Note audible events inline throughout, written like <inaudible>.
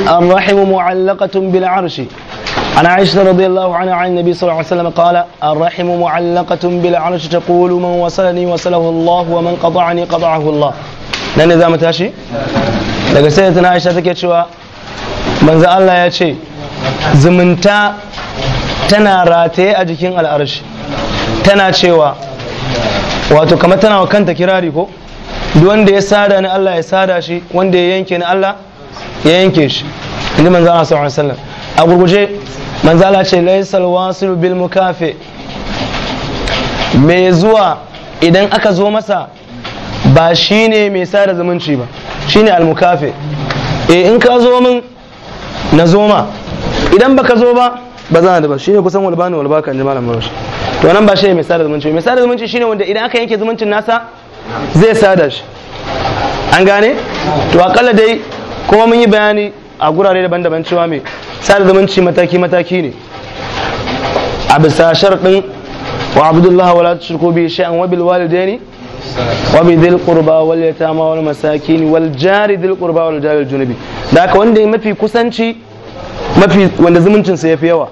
الرحيم الرحم معلقة بالعرش عن عائشة رضي الله عنها عن النبي صلى الله عليه وسلم قال الرحم معلقة بالعرش تقول من وصلني وصله الله ومن قطعني قطعه الله nan ne za mu tashi daga sai tana aisha take cewa manzo Allah ya ce zumunta tana a jikin al'arshi wato kamar tana wa kanta kirari ko duk wanda ya sada ni Allah ya sada shi wanda ya yanke ni Allah ya yanke shi inda manzo Allah sallallahu alaihi wasallam a gurguje manzo Allah ce laysal wasil bil mukafi mai zuwa idan aka zo masa ba shine mai sada zumunci ba shine al mukafi eh, in ka zo min na zo ma idan baka zo ba ba za da ba shine kusan walbani walbaka in malam Bahaushe to nan ba shi mai sada zumunci mai sada zumunci shine wanda idan aka yanke zumuncin nasa zai sada shi an gane to akalla dai kuma mun yi bayani a gurare daban-daban cewa me sada zumunci mataki-mataki ne a bisa sharɗin wa abdullahi wala tushriku bi an wa bil walidaini wa bi dil qurba wal yatama wal masakin wal jari dil qurba wal jari junubi da haka wanda mafi kusanci mafi wanda zumuncin sa yafi yawa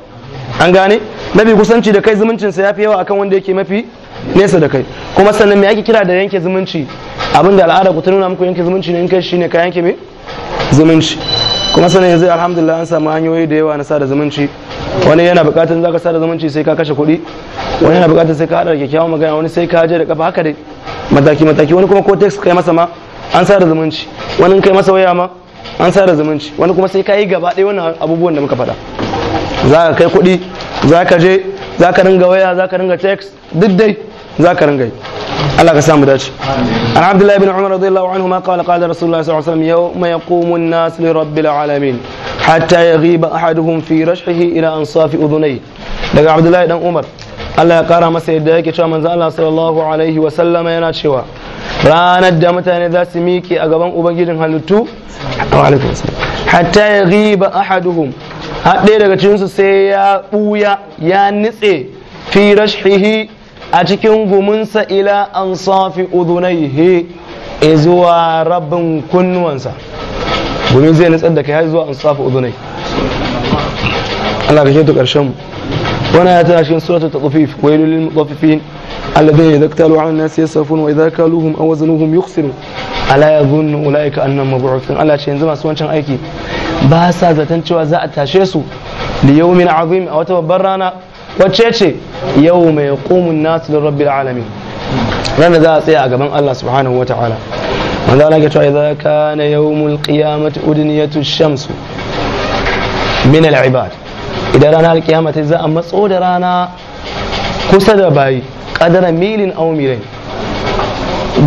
an gane mafi kusanci da kai zumuncin sa yafi yawa akan wanda yake mafi nesa da kai kuma sannan me ake kira da yanke zumunci abinda al'ada ku ta nuna muku yanke zumunci ne in kai shine ka yanke me zumunci kuma sanin yanzu alhamdulillah an samu hanyoyi da yawa na sada zumunci wani yana bukatar zaka sada zumunci sai ka kashe kuɗi wani yana bukatar sai ka hada kyakkyawan magana wani sai ka je da kafa haka dai mataki mataki wani kuma ko text kai masa ma an sada zumunci wani kai masa waya ma an sada zumunci wani kuma sai ka yi gaba ɗaya wannan abubuwan da muka faɗa za ka kai kuɗi za ka je za ka ringa waya za ka ringa text duk dai za ka ringa yi Allah ka samu dace an abdullahi bin umar radiyallahu anhu ma qala qala rasulullah sallallahu alaihi wasallam yaqumu an-nas li rabbil alamin hatta yaghiba ahaduhum fi rashhihi ila ansafi udhunayhi daga abdullahi dan umar Allah ya kara masa yadda yake cewa manzo Allah sallallahu alaihi yana cewa ranar da mutane za su miƙe a gaban ubangijin halittu hatta ya ghiba ahaduhum har daga cikinsu sai ya buya ya nitse fi a cikin gumunsa ila an safi udunaihi e zuwa rabin kunnuwansa gumi zai nutsar da kai har zuwa an safi udunai Allah ka kyautu karshen mu wana ya tana cikin suratul tatafif wailul lil mutaffifin alladhina idza iktalu ala an-nasi yasrafun wa idza kaluhum aw wazanuhum yukhsirun ala yadhunnu ulaika annahum mab'uthun Allah ce yanzu masu wancan aiki ba sa zaton cewa za a tashe su li yawmin azim a wata babbar rana wacce ce yau mai kumun nasu da rabbi alamin ranar za a tsaya a gaban Allah subhanahu wa ta'ala wanda ala gato idan kana yawmul qiyamati udniyatu shamsu min al ibad idan ranar alkiyama za a matso da rana kusa da bayi kadara milin aw milai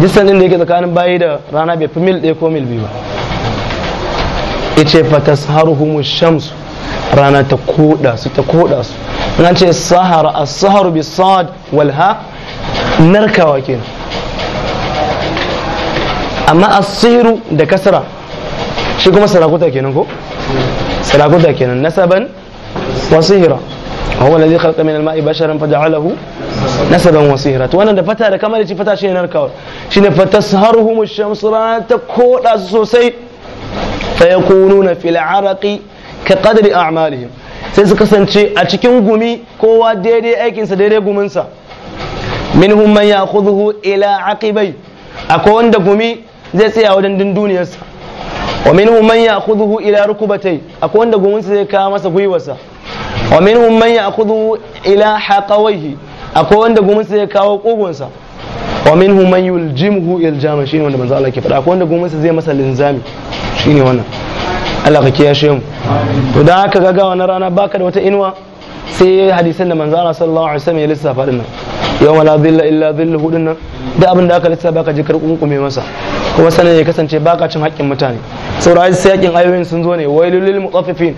jisan din da yake tsakanin bayi da rana bai fi mil ɗaya ko mil biyu ba yace fatasharuhumu shamsu rana ta koda su ta koda su an ce sahara as-saharu bi sad wal ha narkawa kenan amma as-sihru da kasra shi kuma sarakuta kenan ko sarakuta kenan nasaban wa sihra هو الذي خلق من الماء بشرا فجعله نسبا وصهرا وانا da fata da kamar ci fata shine narkawar shine fatasharuhum ash-shams ta koda su sosai fayakununa fil araqi ka a a'malihim sai su kasance a cikin gumi kowa daidai aikinsa daidai guminsa minhum man ya'khudhu ila aqibai akwai wanda gumi zai tsaya wajen dunduniyarsa wa minhum man ya'khudhu ila rukubatai akwai wanda guminsa zai kawo masa gwiwarsa wa minhum man ya'khudhu ila a akwai wanda guminsa zai kawo kugunsa wa minhum man yuljimuhu iljama shine wanda manzo Allah ke faɗa akwai wanda guminsa zai masa linzami shine wannan Allah ka kiyashe mu to dan haka gaga wannan rana baka da wata inuwa sai hadisan da manzo Allah sallallahu alaihi wasallam ya lissafa din nan yawma la dhilla illa dhilluhu din nan da abin da aka lissafa ka ji karkunkume masa kuma sanan ya kasance baka cin haƙƙin mutane saboda sai yakin ayoyin sun zo ne wailul lil mutaffifin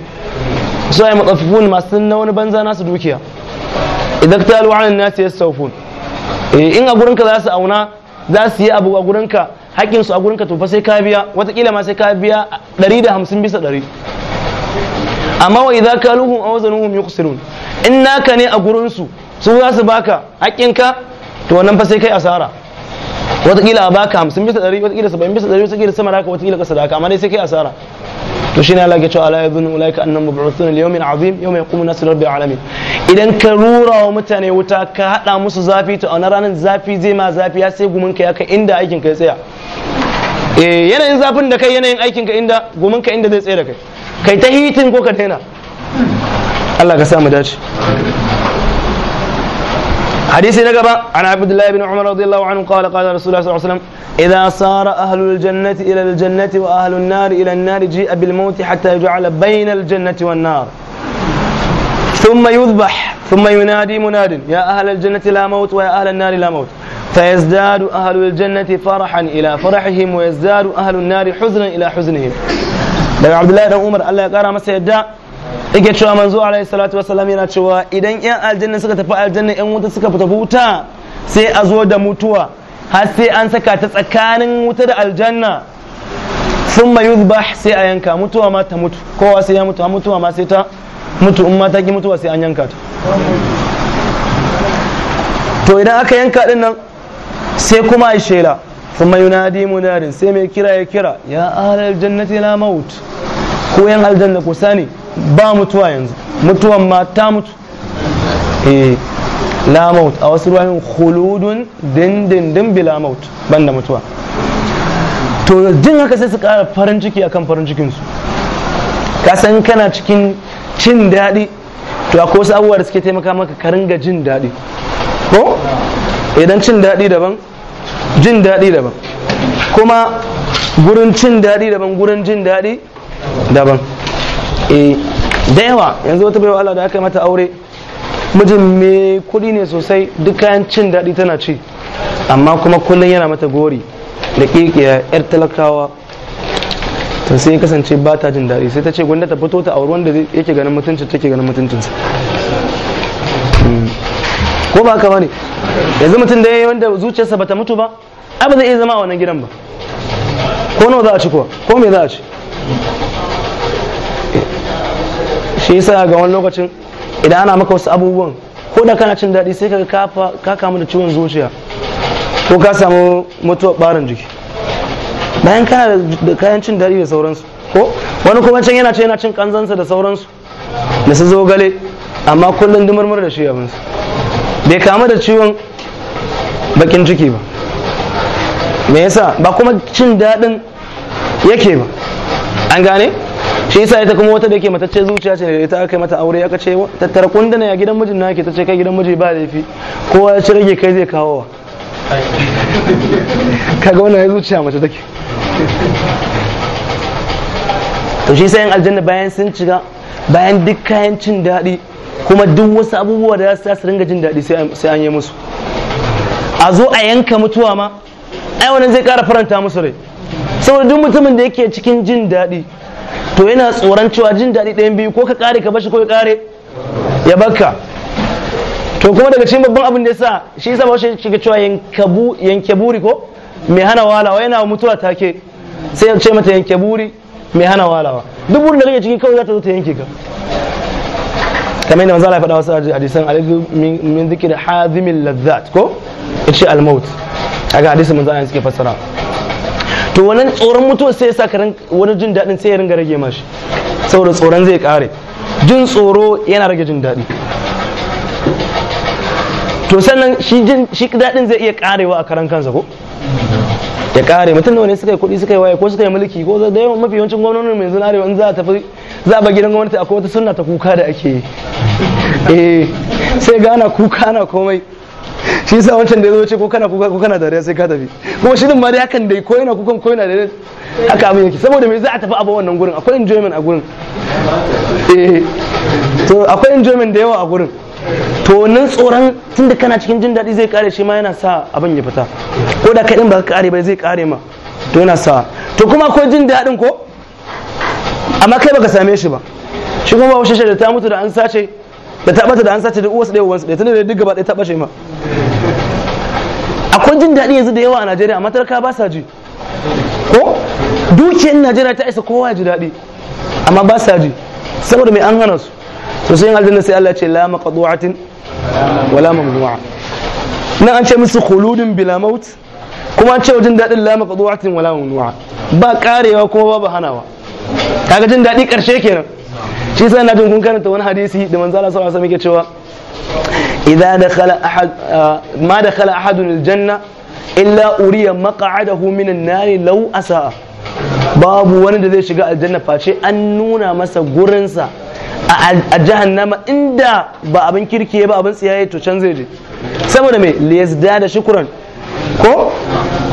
su ai mutaffifun masu na wani banza nasu dukiya idan ta lu anan nasu yastawfun eh, in a gurinka za su auna za su yi abu a gurinka haƙƙin su a gurinka to fa sai ka biya watakila ma sai ka biya 150 bisa 100 amma wa idza kaluhum aw wazanuhum yuqsirun in naka ne a gurin su su za su baka haƙƙinka to wannan fa sai kai asara watakila a baka hamsin bisa ɗari wataƙila 70 bisa ɗari wataƙila sama da haka watakila kasa da haka amma dai sai kai asara to shine Allah ya ce ala yadhunnu ulaika annahum mab'uthuna yawmin azim yawma yaqumu nasu rabbil alamin idan ka rura wa mutane wuta ka hada musu zafi to a ranar zafi zai ma zafi ya sai gumin ka ya kai inda aikin ka ya tsaya eh yanayin zafin da kai yanayin aikin ka inda gumin ka inda zai tsaya da kai kai ta hitin ko ka daina Allah ka sa dace حديث نقبة عن عبد الله بن عمر رضي الله عنه قال قال رسول الله صلى الله عليه وسلم إذا صار أهل الجنة إلى الجنة وأهل النار إلى النار جيء بالموت حتى يجعل بين الجنة والنار ثم يذبح ثم ينادي مناد يا أهل الجنة لا موت ويا أهل النار لا موت فيزداد أهل الجنة فرحا إلى فرحهم ويزداد أهل النار حزنا إلى حزنهم daga abdullahi dan umar Allah ya kara masa yadda yake cewa manzo alaihi salatu wasallam yana cewa idan yan aljanna suka tafi aljanna yan wuta suka tafi wuta sai a zo da mutuwa har sai an saka ta tsakanin wuta da aljanna sun mai ba sai a yanka mutuwa ma ta mutu kowa sai ya mutu mutuwa ma sai ta mutu in ta ki mutuwa sai an yanka ta to idan aka yanka din nan sai kuma a shela adi yunadi munarin sai mai kira ya kira ya ahlal jannati la maut ko yan aljanna ku sani ba mutuwa yanzu mutuwan ma ta mutu eh la maut a wasu ruwan khuludun dindindin bi la maut banda mutuwa to jin haka sai su kara farin ciki akan farin cikinsu ka san kana cikin cin daɗi to akwai wasu abubuwa da suke taimaka maka ka ringa jin daɗi ko idan cin daɗi daban jin daɗi daban kuma gurin cin daɗi daban gurin jin daɗi daban e, da yawa yanzu wata baiwa Allah da aka mata aure mijin mai kuɗi ne sosai duk kayan cin daɗi tana ci amma kuma kullum yana mata gori da ƙiƙiya 'yar talakawa to sai ya kasance ba ta jin daɗi sai ta ce gwanda ta fito ta auri wanda yake ganin mutuncin take ganin mutuncinsa hmm. ko ba haka ne yanzu mutum da ya yi wanda zuciyarsa bata mutu ba ai ba zai iya zama a wannan gidan ba ko nawa za a ci kuwa ko me za a ci shi yasa ga wani lokacin idan ana maka wasu abubuwan ko da kana cin daɗi sai ka ka kamu da ciwon zuciya ko ka samu mutuwar ɓarin jiki bayan kana da kayan cin daɗi da sauransu ko wani kuma can yana ce yana cin kanzansa da sauransu da su zo gale amma kullum dumurmur da shi abinsu bai kamu da ciwon bakin ciki ba me yasa ba kuma cin daɗin yake ba an gane shi yasa ita kuma wata da ke matacce zuciya ce da ita aka mata aure aka ce tattara kundana ya gidan mijin nake ta ce kai gidan miji ba laifi kowa ya ci rage kai zai kawo wa kaga wannan ya zuciya mace take to shi sai yan aljanna bayan sun ciga bayan duk kayan cin daɗi kuma duk wasu abubuwa da za su ringa jin daɗi sai an yi musu a zo a yanka mutuwa ma ai wannan zai ƙara faranta musu rai saboda duk mutumin da yake cikin jin daɗi to yana tsoron cewa jin daɗi ɗayan biyu ko ka ƙare ka bashi ko ya ƙare ya bakka to kuma daga cikin babban abin da yasa shi yasa shi shiga cewa yankabu yanke buri ko mai hana walawa yana mutuwa take sai ya ce mata yanke buri mai hana walawa duk burin da kake cikin kawai za ta zo ta yanke ka kamar yadda manzo Allah ya faɗa wasu hadisan alaikum min zikin hadhimil ladzat ko yace al-maut kaga hadisin manzo Allah suke fassara to wannan tsoron mutuwa sai yasa karin wani jin daɗin sai ya ringa rage mashi saboda tsoron zai kare jin tsoro yana rage jin daɗi to sannan shi jin shi daɗin zai iya karewa a karan kansa ko ya kare mutum nawa ne suka yi kuɗi suka yi waye ko suka yi mulki ko da yawan mafi yawancin gwamnonin mai na arewa in za a tafi za a ba gidan gwamnati akwai wata sunna ta kuka da ake yi eh sai gana kuka na komai shi yasa wancan da ya zo ce ko kana kuka ko kana dariya sai ka tafi kuma shi din ma dai hakan dai ko yana kukan ko yana dariya haka abin yake saboda me za a tafi a wannan gurin akwai enjoyment a gurin eh to akwai enjoyment da yawa a gurin to nan tsoron tunda kana cikin jin daɗi zai kare shi ma yana sa abin ya fita ko da kaɗin ba ka kare ba zai kare ma to yana sa to kuma akwai jin daɗin ko amma kai baka same shi ba shi kuma ba washe da ta mutu da an sace da ta bata da an sace da uwarsa da uwarsa da ne da duk gaba ɗaya ta bace ma akwai jin daɗi yanzu da yawa a najeriya amma talaka ba sa ji ko dukiyar najeriya ta isa kowa ya ji daɗi amma ba sa ji saboda mai an hana su to sai aljanna sai Allah ce la maqdu'atin wala mamnu'a nan an ce musu khuludun bila maut kuma an ce wajen daɗin la maqdu'atin wala mamnu'a ba karewa kuma ba hanawa kaga jin daɗi karshe kenan shi sai na jin kun karanta wani hadisi da manzo Allah sallallahu alaihi wasallam yake cewa idza dakhala ahad ma dakhala ahadun aljanna illa uriya maq'adahu minan nari law asa babu wani da zai shiga aljanna face an nuna masa gurinsa a jahannama inda ba abin kirki ba abin tsiyaye to can zai je saboda me liyazda da shukuran ko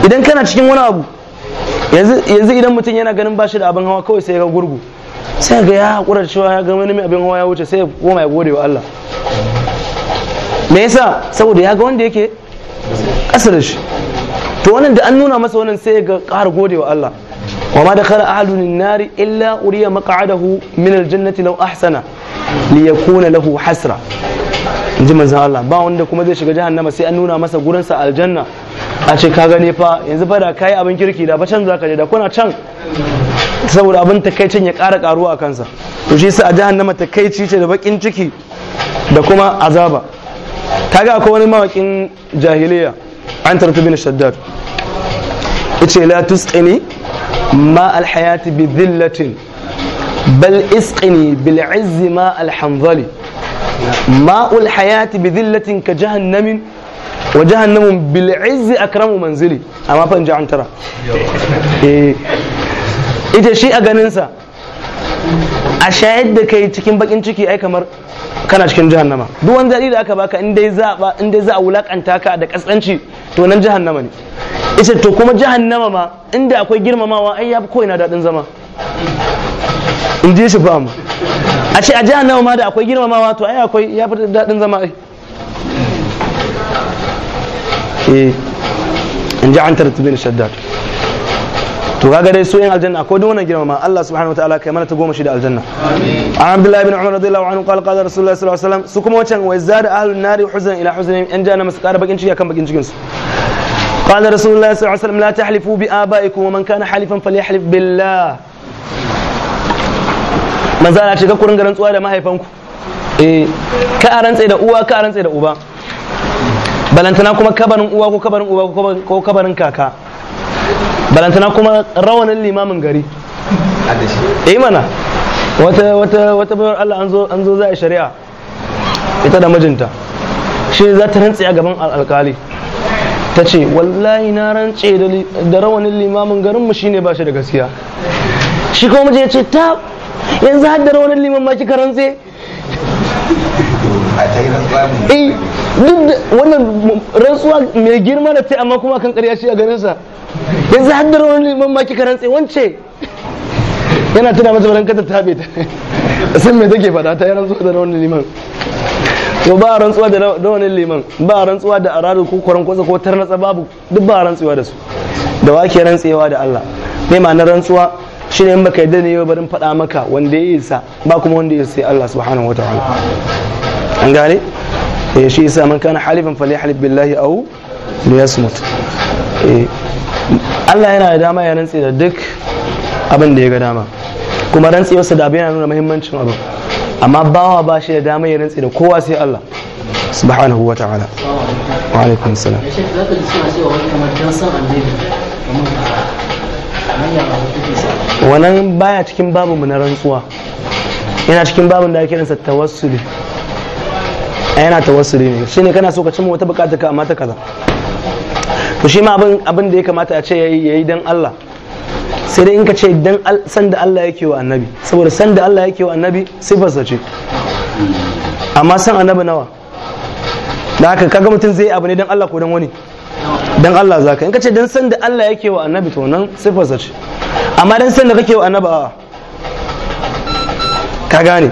idan kana cikin wani abu yanzu idan mutum yana ganin bashi da abin hawa kawai sai ga gurgu sai ga ya hakura cewa ya ga wani mai abin hawa ya wuce sai ya koma ya gode wa Allah me yasa saboda ya ga wanda yake ƙasa shi to wannan da an nuna masa wannan sai ga ƙara gode wa Allah wa ma dakhala ahlun nari illa uriya maq'adahu min aljannati law ahsana li yakuna lahu hasra inji manzon Allah ba wanda kuma zai shiga jahannama sai an nuna masa gurin sa aljanna a ce ka gane fa yanzu fa da kai abin kirki da ba can za ka je da kuna can saboda abin takaicin ya ƙara ƙaruwa a kansa to shi sai a jahannama takaici ce da bakin ciki da kuma azaba kaga akwai wani mawakin jahiliya an tartu bin shaddad yace la tusqini ma alhayati bi dhillatin bal isqini bil izzi ma alhamdali ma alhayati bi dhillatin ka jahannam wa jahannam bil izzi akramu manzili amma fa in an tara eh ita shi a ganin sa a shayar da kai cikin bakin ciki ai kamar kana cikin jahannama duk wani daɗi da aka baka in dai za in dai za a wulaƙanta ka da ƙasƙanci to nan jahannama ne ita to kuma jahannama ma inda akwai girmamawa ai ya fi ko ina daɗin zama in ji shi ba mu a ce a jahannama ma da akwai girmamawa to ai akwai ya fi daɗin zama ai eh in ji an tartibin shaddad to kaga dai su yan aljanna ko duk wannan girmama Allah subhanahu wa ta'ala kai mana ta goma shi da aljanna an abdullahi ibn Umar radiyallahu anhu qala qala rasulullahi sallallahu alaihi wasallam su kuma wancan wai zada ahlun nari huzan ila huzan in jana masu kara bakin ciki akan bakin cikin su qala rasulullahi sallallahu alaihi wasallam la tahlifu bi abaikum wa man kana halifan falyahlif billah manzo Allah ce ka kurin tsuwa da mahaifanku eh ka rantsa da uwa ka rantsa da uba balantana kuma kabarin uwa ko kabarin uba ko kabarin kaka balantana kuma rawanin limamin gari eh mana wata wata wata bayar Allah an zo an zo za a shari'a ita da mijinta shi za ta rantse a gaban alkali ta ce wallahi na rantse da rawanin limamin garinmu shine ba shi da gaskiya shi kuma mijin ya ce ta yanzu har da rawanin liman ma kika rantse eh duk da wannan rantsuwa mai girma da ta amma kuma kan ƙarya shi a ganinsa yanzu har da wani liman ma kika rantse wance yana tuna mata baran kata ta ta <laughs> san me take faɗa ta yi rantsuwa da wani liman to ba rantsuwa da wani liman ba rantsuwa da aradu ko kwaran kwasa ko tarnatsa babu duk ba rantsuwa da su da wake rantsewa da Allah ne ma'anar rantsuwa shine in baka yadda ne yau barin faɗa maka wanda ya isa ba kuma wanda ya sai Allah subhanahu wataala an gane ya eh, shi isa man kana halifan halif billahi au liyasmut eh Allah yana da dama ya rantse da duk abin da ya ga dama kuma rantsewarsa da abin yana nuna muhimmancin abin amma bawa ba shi da dama ya rantse da kowa sai Allah subhanahu wa ta'ala wa alaikum salam wannan baya cikin babu mu na rantsuwa yana cikin babu da ake kiransa tawassuli yana shi ne shine kana so ka cimma wata bukata ka amma ta kaza to shi ma abin da ya kamata a ce yayi yayi dan Allah sai dai in ka ce dan san da Allah yake wa annabi saboda san da Allah yake wa annabi sifarsa ce amma san annabi nawa da haka kaga mutum zai abu ne dan Allah ko dan wani dan Allah zaka in ka ce dan san da Allah yake wa annabi to nan sifarsa ce amma dan san da kake wa annabi a ka gane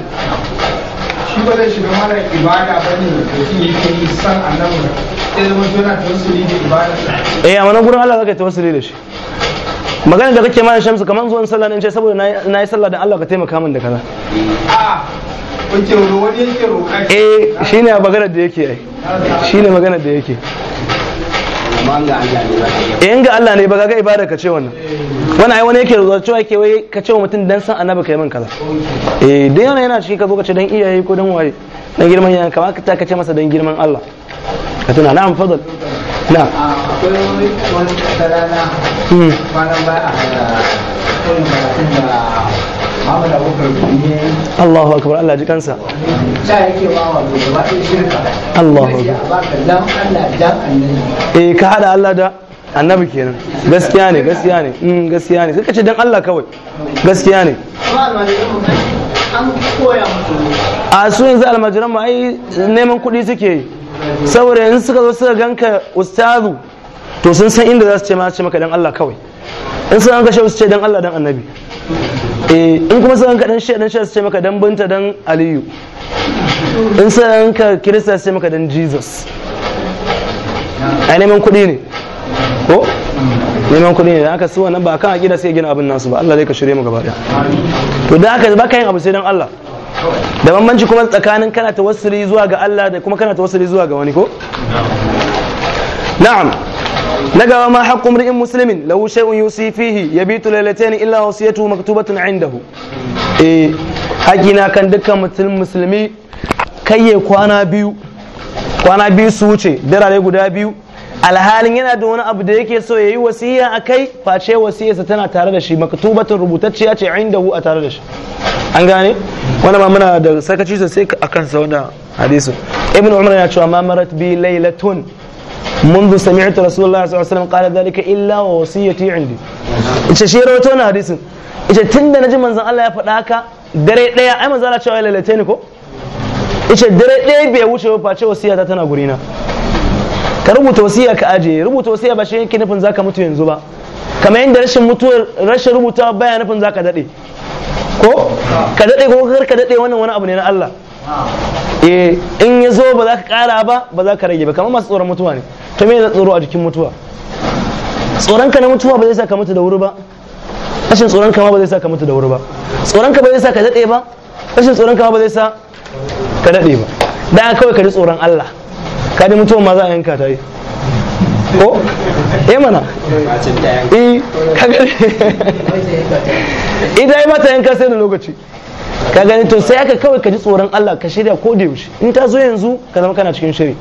shi ba zai shiga mara ibada ba ne mutum yake yi san annabi ya zama yana tawassuli da ibada eh amma nan gurin Allah zaka tawassuli da shi maganin da kake mana shamsu kamar zuwan sallah ne ce saboda na yi sallah da Allah ka taimaka min da kaza a kuke wani yake roƙa eh shine magana da yake ai shine magana da yake in ga Allah ne ba ga ibada ka ce wannan wannan ai wani yake zuwa cewa yake wai ka ce wa mutum dan san annabi kai min kaza eh dan yana yana cikin ka zo ka ce dan iyaye ko dan waye dan girman yana kamar ka ta ce masa dan girman Allah ka tuna na'am fadal na akwai wani rana malam ba a Allahu akbar Allah ji kansa Allahu eh ka hada Allah da annabi kenan gaskiya ne gaskiya ne in mm, gaskiya ne sai ka ce dan Allah kawai gaskiya ne a su yanzu almajiran ma ai neman kuɗi suke yi saboda in suka zo suka ganka ustazu to sun san inda za su ce ma ce maka dan Allah kawai in sun an kashe su ce dan Allah dan annabi Eh, in kuma sai ka dan shi dan shi sai maka dan binta dan aliyu in sai ka kirista sai maka dan jesus ai neman kuɗi ne ko neman kuɗi ne da aka su wannan ba kan aƙida sai gina abin nasu ba Allah zai ka shirye mu gaba to da aka baka yin abu sai dan Allah da bambanci kuma tsakanin kana tawassuli zuwa ga Allah da kuma kana tawassuli zuwa ga wani ko na'am na gaba ma haqqu imri'in muslimin lahu shay'un yusi fihi yabitu laylatayn illa wasiyatuhu maktubatun 'indahu eh hakina kan dukkan musulmi kayye kwana biyu kwana biyu su wuce dirare guda biyu alhalin yana da wani abu da yake so yayi wasiya akai face wasiyarsa tana tare da shi maktubatun rubutacciya ce indahu a tare da shi an gane wannan ma muna da sakaci sosai akan sa wannan hadisin ibnu umar ya cewa ma marat bi laylatun منذ سمعت رسول الله صلى الله عليه وسلم قال ذلك إلا ووصيتي عندي ita shi rawaito wannan hadisin ita tunda naji manzon Allah ya faɗa haka dare ɗaya ai manzon Allah cewa ya lalace ni ko ita dare ɗaya bai wuce ba face wasiya ta tana gurina ka rubuta wasiya ka aje rubuta wasiya ba shi yake nufin zaka mutu yanzu ba kamar yadda rashin mutuwar rashin rubuta baya nufin zaka daɗe ko ka daɗe ko kar ka daɗe wannan wani abu ne na Allah eh in ya zo ba za ka ƙara ba ba za ka rage ba kamar masu tsoron mutuwa ne ta mena tsoro a jikin mutuwa tsoronka na mutuwa ba zai sa ka mutu da wuri ba rashin tsoronka ma ba zai sa ka mutu da wuri ba tsoronka ba zai sa ka daɗe ba rashin tsoronka ma ba zai sa ka daɗe ba da kawai ka ji tsoron Allah ka ji mutuwa ma za a yanka ta yi ko eh mana eh ka gani <laughs> idan ya yanka sai da lokaci ka gani to sai aka kawai ka ji tsoron Allah ka shirya ko da yaushe in ta zo yanzu ka zama kana cikin shiri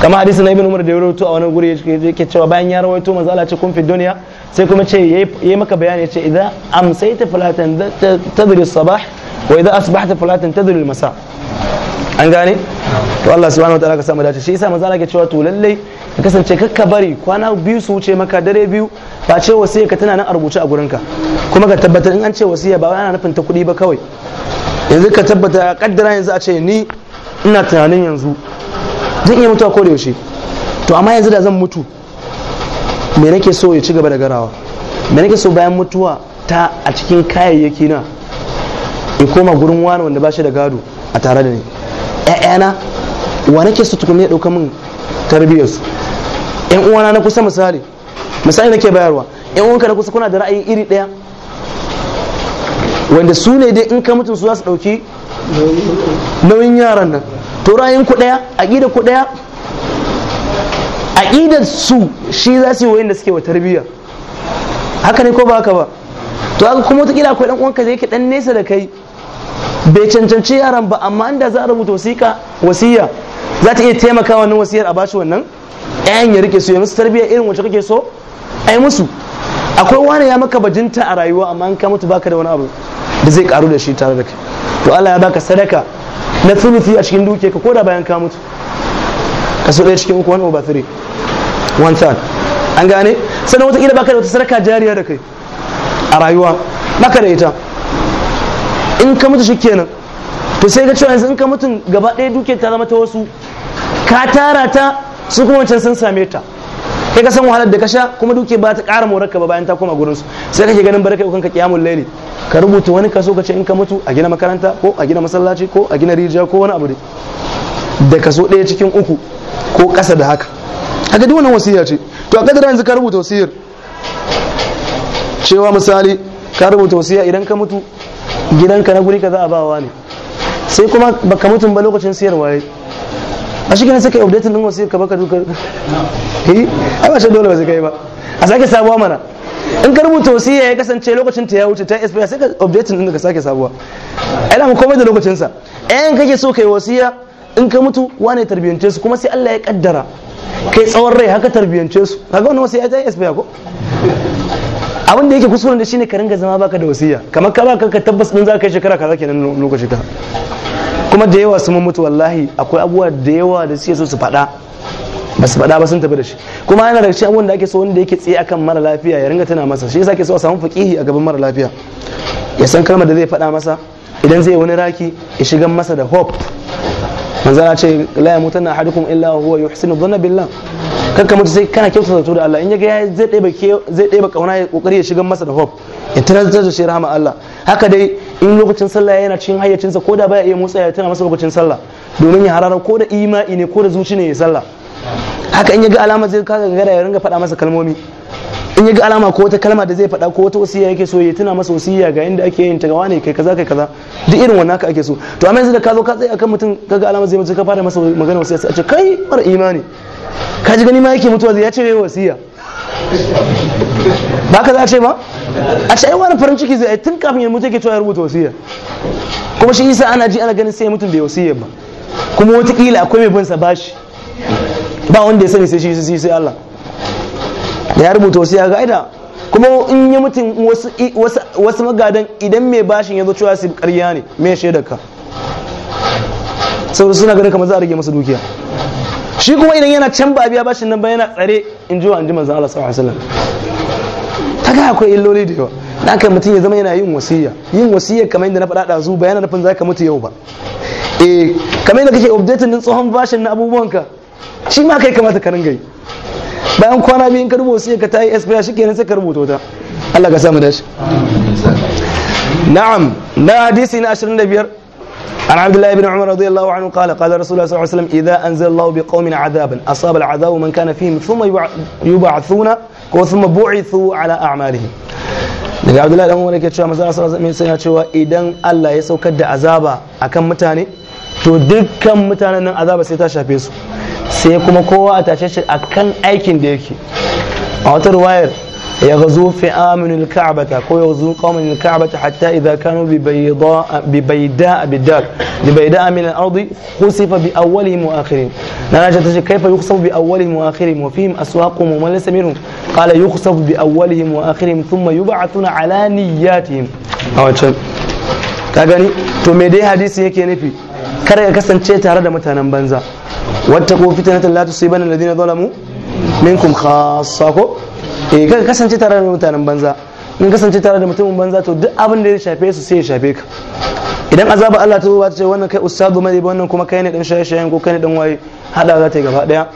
kama hadisi na ibn umar da ya rawaito a wani guri yake cewa bayan ya rawaito maza Allah ce kun fi duniya sai kuma ce yayi maka bayani ya ce idza amsayta falatan tadri sabah wa idza asbahta falatan tadri masa an gane to Allah subhanahu wataala ka samu dace shi yasa manzo Allah ke cewa to lalle ka kasance kakka bari kwana biyu su wuce maka dare biyu ba ce wasiya ka tana nan a rubuce a gurinka kuma ka tabbatar in an ce wasiya ba ana nufin ta kuɗi ba kawai yanzu ka tabbata kaddara yanzu a ce ni ina tunanin yanzu zan iya mutuwa ko da yaushe to amma yanzu da zan mutu me nake so ya ci gaba da garawa me nake so bayan mutuwa ta a cikin kayayyaki na in koma gurin wani wanda ba shi da gado a tare da ni ƴaƴana wa nake so tukunne ya ɗauka min tarbiyyarsu ƴan uwana na kusa misali misali nake bayarwa ƴan uwanka na kusa kuna da ra'ayi iri ɗaya wanda su ne dai in ka mutu su za su ɗauki nauyin yaran nan to ra'ayin ku daya aqida ku daya aqidar su shi za su yi wayin da suke wa tarbiyya haka ne ko ba haka ba to haka kuma wataƙila akwai dan uwanka da yake ɗan nesa da kai bai cancanci yaran ba amma inda za a rubuta wasiƙa wasiya za ta iya taimaka wannan wasiyar a bashi wannan ƴaƴan ya rike su ya musu tarbiyya irin wacce kake so ai musu akwai wani ya maka bajinta a rayuwa amma in ka mutu baka da wani abu da zai karu da shi tare da kai to Allah ya baka sadaka na thuluthi a cikin duke ka koda bayan ka mutu kaso ɗaya cikin uku one over three one third an gane sannan wataƙila baka da wata sarka jariya da kai a rayuwa baka da ita in ka mutu shikenan to sai ka cewa yanzu in ka mutu gaba ɗaya duke ta zama ta wasu ka tara ta su kuma wancan sun same ta kai ka san wahalar da ka sha kuma duke ba ta ƙara morarka ka ba bayan ta koma gurinsu sai kake ganin barka ukan ka kiyamun laili ka rubuta wani kaso ka ce in ka mutu a gina makaranta ko a gina masallaci ko a gina rijiya ko wani abu da kaso ɗaya cikin uku ko ƙasa da haka haka duk wannan wasiya ce to a kadara yanzu ka rubuta wasiyar cewa misali ka rubuta wasiya idan ka mutu gidanka na guri ka za a bawa ne sai kuma baka mutun ba lokacin siyarwa yayi a shi kenan sai yi update din wasiyar ka baka duka eh ba shi dole ba sai kai ba a sake sabuwa mana in ka rubuta wasiya ya kasance lokacin ta ya wuce ta expire sai ka objectin din ka sake sabuwa ai da komai da lokacin sa kake so kai wasiya in ka mutu wane tarbiyance su kuma sai Allah ya kaddara kai tsawon rai haka tarbiyance su kaga wannan wasiya ta expire ko abin da yake kuskuren da shine ka ringa zama baka da wasiya kamar ka baka ka tabbas din za ka yi shekara kaza kenan lokaci ta. kuma da yawa sun mutu wallahi akwai abubuwa da yawa da suke so su faɗa ba su faɗa ba sun tafi da shi kuma yana daga cikin abubuwan da ake so wanda yake tsaye akan mara lafiya ya ringa tana masa shi yasa ke so a samu fakihi a gaban mara lafiya ya san kalmar da zai faɗa masa idan zai wani raki ya shigan masa da hope Manzara ce la ya mutanna ahadukum illa huwa yuhsinu dhanna billah kanka mutu sai kana kyautata zato da Allah in yaga ya zai ɗeba zai ɗeba kauna ya kokari ya shigan masa da hope ya tunatar da shi rahama Allah haka dai in lokacin sallah yana cikin hayyacinsa ko da baya iya motsa ya tana masa lokacin sallah domin ya harara ko da imani ne ko da zuci ne ya sallah haka in ya ga alama zai kaga gagara ya ringa faɗa masa kalmomi in ya ga alama ko wata kalma da zai faɗa ko wata wasiya yake so ya tuna masa wasiya ga inda ake yin ta gawa ne kai kaza kai kaza duk irin wannan haka ake so to amma yanzu da ka zo ka tsaye akan mutum kaga alama zai mutu ka fara masa magana wasiya sai a ce kai mara imani ka ji gani ma yake mutuwa zai ya ce yayi wasiya ba ka za a ce ba a ce ai wani farin ciki zai tun kafin ya mutu yake cewa ya rubuta wasiya kuma shi isa ana ji ana ganin sai mutum bai wasiya ba kuma wataƙila akwai mai bin sa bashi ba wanda ya sani sai shi sai Allah da ya rubuta wasu ya ga aida kuma in yi mutum wasu magadan idan mai bashin ya zo cewa su karya ne mai shaidar ka sau suna ganin kamar za a rage masa dukiya shi kuma idan yana can ba biya bashin nan ba yana tsare in ji wa anji manzan Allah sallallahu alaihi wasallam ta ga akwai illoli da yawa da aka mutum ya zama yana yin wasiya yin wasiya kamar yadda na faɗa ɗazu ba yana nufin za ka mutu yau ba eh kamar yadda kake updating din tsohon bashin na abubuwanka shi ma kai kamata ka ringa yi bayan kwana biyu ka rubuta sai ka tayi shi kenan sai ka rubuta ta Allah ka samu dashi na'am na hadisi na 25 عن عبد الله بن عمر رضي الله عنه قال قال رسول الله صلى الله عليه وسلم إذا أنزل الله بقوم عذابا أصاب العذاب من كان فيهم ثم يبعثون ثم بعثوا على أعمالهم daga abdullahi dan wani ke cewa maza sa zai sanya cewa idan Allah ya saukar da azaba akan mutane to dukkan mutanen nan azaba sai ta shafe su sai kuma kowa a tashe shi akan aikin da yake a wata ruwayar ya gazo fi aminul ka'bata ko ya gazo qaumin ka'bata hatta idza kanu bi bayda bi bayda bidar bi bayda min al-ardi khusifa bi awwalihim wa akhirin nana ta tace kaifa yuksafu bi awwalihim wa akhirihim wa fihim aswaqum wa man laysa minhum qala yuksafu bi awwalihim wa akhirihim thumma yub'athuna ala niyyatihim a wancan ka gani to me dai hadisi yake nufi kada ka kasance tare da mutanen banza wattaqu fitnatan la tusibanna alladhina zalamu minkum khassa ko eh ka kasance tare da mutanen banza in kasance tare da mutumin banza to duk abin da ya shafe su sai ya shafe ka idan azaba Allah ta zuwa ta ce wannan kai ustadu mai ba wannan kuma kai ne dan shaye-shayen ko kai ne dan waye hada za ta yi gaba daya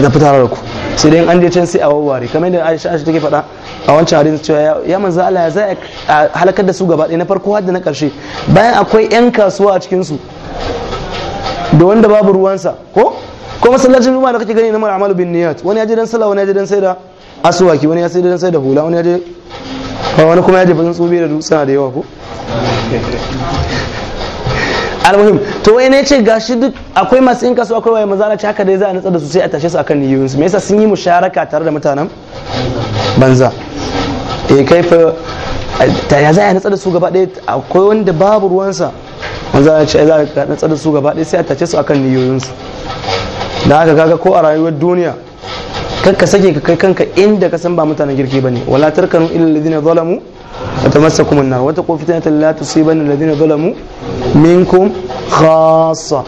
ta fi tare da ku sai dai an je can sai a wawware kamar yadda Aisha Aisha take faɗa a wancan hadisi cewa ya manzo Allah ya za a halakar da su gaba daya na farko har da na karshe bayan akwai yan kasuwa a cikin su da wanda babu ruwansa ko ko masallacin juma'a da kake gani na mara amalu bin niyat wani ya je dan sallah wani ya je dan saida asuwaki wani ya sai dan saida hula wani ya je wani kuma ya je fasin tsobe da dutsuna da yawa ko <laughs> almuhim to wai ne ce gashi duk akwai masu yin kasuwa akwai waye maza ce haka dai za a natsa da su sai a tashe su akan niyoyin su me yasa sun yi musharaka tare da mutanen banza eh kai fa ya za a natsa da su gaba ɗaya akwai wanda babu ruwansa an za a ce za ka natsar da su gaba ɗaya sai a tace su akan niyoyinsu da haka kaga ko a rayuwar duniya kar ka sake ka kai kanka inda ka san ba mutanen girki bane wala tarkanu ila alladhina zalamu wa tamassakum an-nar wa taqu fitnatan la tusibanna alladhina zalamu minkum khassa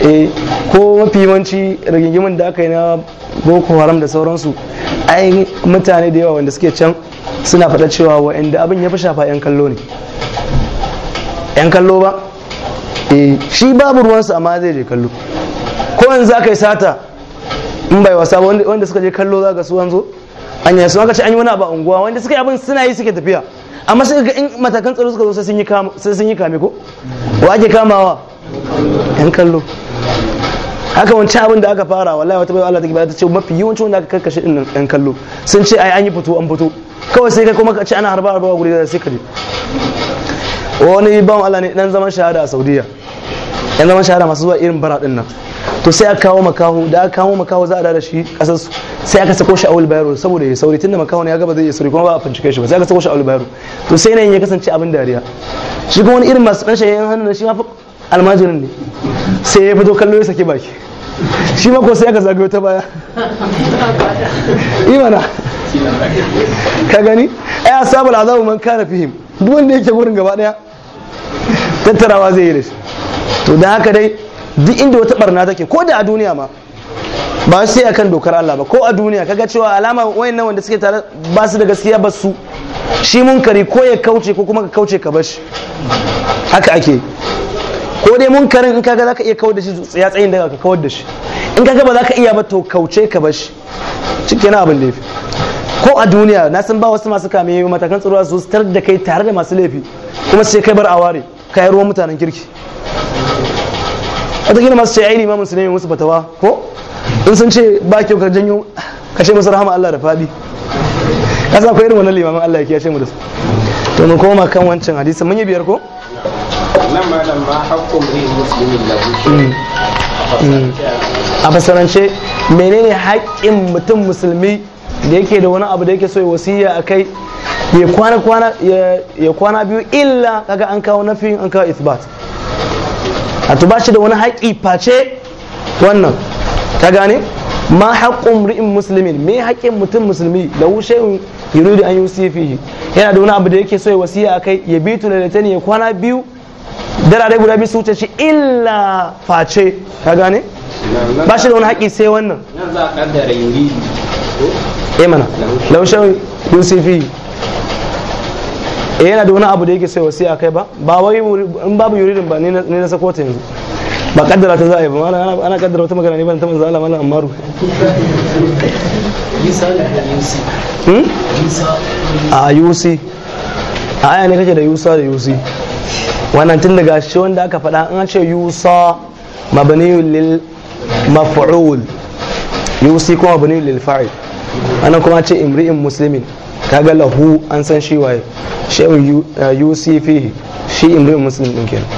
eh ko mafi yawanci rigingimin da aka yi na boko haram da sauransu ai mutane da yawa wanda suke can suna faɗa cewa wa'anda abin ya fi shafa 'yan kallo ne 'yan kallo ba Eh, shi babu sa, amma zai je kallo ko yanzu ka yi sata in bai wasa wanda suka je kallo za ka su an zo an yi aka ce an yi wani abu a unguwa wanda suka yi abin suna yi suke tafiya amma sai ga in matakan tsaro suka zo sai sun yi kame ko wa ake kamawa yan kallo haka wancan abin da aka fara wallahi wata bai Allah ta ce mafi yawancin wanda aka karkashe din yan kallo sun ce ai an yi fito an fito kawai sai kai kuma ka ci ana harba harba guri da sai ka wani bawan Allah ne dan zaman shahada a Saudiya yan zaman shahara masu zuwa irin bara din nan to sai aka kawo makaho da aka kawo makaho za a dada shi kasar su sai aka sako shi a wul bayaro saboda ya sauri tunda makaho ne ya gaba zai ya sauri kuma ba a fincike shi ba sai aka sako shi a wul bayaro to sai nan ya kasance abin dariya shi kuma wani irin masu dan shayyan hannun shi ma almajirin ne sai ya fito kallo ya saki baki shi ma ko sai aka zagayo ta baya imana ka gani ai asabul azabu man kana fihim duk wanda yake gurin gaba daya tattarawa zai yi da shi to da haka dai duk inda wata barna take ko da a duniya ma ba sai akan dokar Allah ba ko a duniya kaga cewa alama wayannan wanda suke tare ba su da gaskiya ba su shi munkari ko ya kauce ko kuma ka kauce ka bar shi haka ake ko dai munkarin in kaga zaka iya kawar da shi ya tsayin daga ka kawar da shi in kaga ba zaka iya ba to kauce ka bar shi na abin da yafi ko a duniya na san ba wasu masu kame matakan tsaro su tar da kai tare da masu laifi kuma sai kai bar aware kai ruwan mutanen kirki wata kila masu ce aini imamun ne ne musu fatawa ko in sun ce ba kyau ka janyo ka ce musu rahama Allah da fadi kasa akwai irin wannan limamin Allah ya ce mu da su to mu koma kan wancan hadisi mun yi biyar ko nan malam ma hakkun ne muslimin lahu mm. Mm. a fasarance menene haƙƙin mutum musulmi da yake da wani abu da yake so ya wasiya a ya ya kwana biyu illa kaga an kawo nafi an kawo isbat wato ba shi da wani haƙi face wannan ka gane ma haƙƙun ri'in musulmin me haƙƙin mutum musulmi da wushe yuridu an yusi fihi yana da wani abu da yake so ya wasiya kai ya bi tu ne ya kwana biyu darare guda biyu su wuce shi illa face ka gane ba shi da wani haƙƙi sai wannan nan za a kaddara yuridu eh mana laushe yusi fihi Eh, yana da wani abu da yake sai wasiya kai ba ba wai in babu yuridin ba ne na sako ta yanzu ba kaddara ta za a yi ba ana kaddara wata magana ne ban ta manzo Allah mallan Ammaru hmm? a yusi a aya ne kake da yusa da yusi wannan tun daga shi wanda aka faɗa an ce yusa mabniyun lil maf'ul yusi kuma mabniyun lil fa'il Ana kuma ce imri'in muslimin kaga lahu an san shi waye shehu ucp uh, shi imrin musulmi din kenan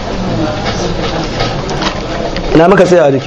na muka sai a